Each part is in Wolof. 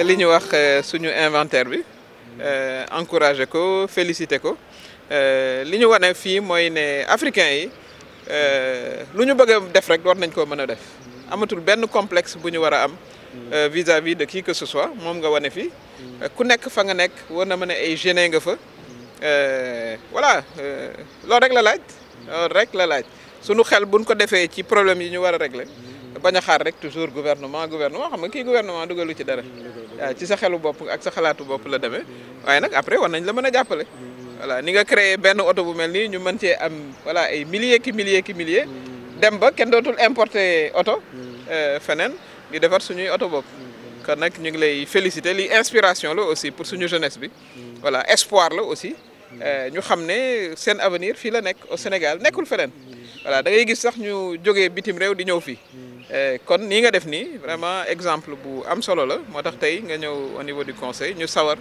Nous ñu wax euh, suñu inventaire bi euh, encouragé ko félicité ko euh, li ñu ne africain yi bëgg def rek war nañ complexe vis-à-vis de qui que ce soit moom nga wane fii ku nekk fa nga nekk war na voilà la laaj rek la laaj xel problème yi baña xaar rek toujours gouvernement gouvernement xam nga kii gouvernement dugalu ci dara mm, ci sa xelu bopp ak sa xalaatu bopp la demee waaye nag après war nañ la mën a jàppale mm, mm, voilà ni nga créé benn oto bu mel nii ñu mën cee am voilà ay milliers ki milliers ki milliers dem ba kenn dootul importer oto euh, feneen di defar suñuy oto bopp kon nag ñu ngi lay féliciter li inspiration la aussi pour suñu jeunesse bi voilà espoir la aussi euh, ñu xam ne seen avenir fii la nekk au Sénégal nekkul feneen voilà da ngay gis sax ñu jógee bitim réew di ñëw fii Eh, kon ni nga def ni vraiment exemple bu am solo la moo tax tey nga ñëw au niveau du conseil ñu sawar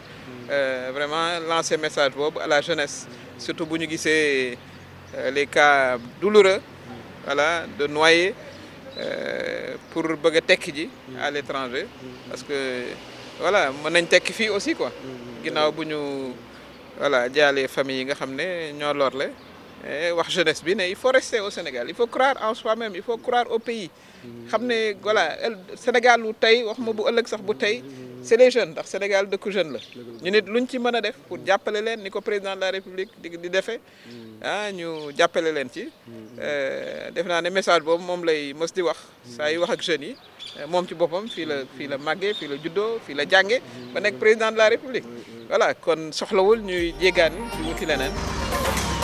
eh, vraiment lancer message boobu à la jeunesse surtout bu ñu gisee eh, les cas douloureux voilà de euh, pour bëgg a tekki ji à l'étranger parce que voilà mën nañ tekki fii aussi quoi ginnaaw bu ñu voilà jaalee famille yi nga xam ne ñoo lorle eh, wax jeunesse, il faut rester au Sénégal. Il faut croire en soi-même, il faut croire au pays. xamné voilà, le Sénégal, c'est les jeunes. Le Sénégal de jeune. Nous avons luñ ci mëna def pour jappalé len niko président de la République ah ñu Nous len ci euh def na un message que mom lay mëss di ça y est, ak les jeunes. Eh, moom ci bopam fi la fi la maggé fi la juddo fi la jangé ba nekk président de la république voilà kon soxlawul ñuy jéggaani di wuti leneen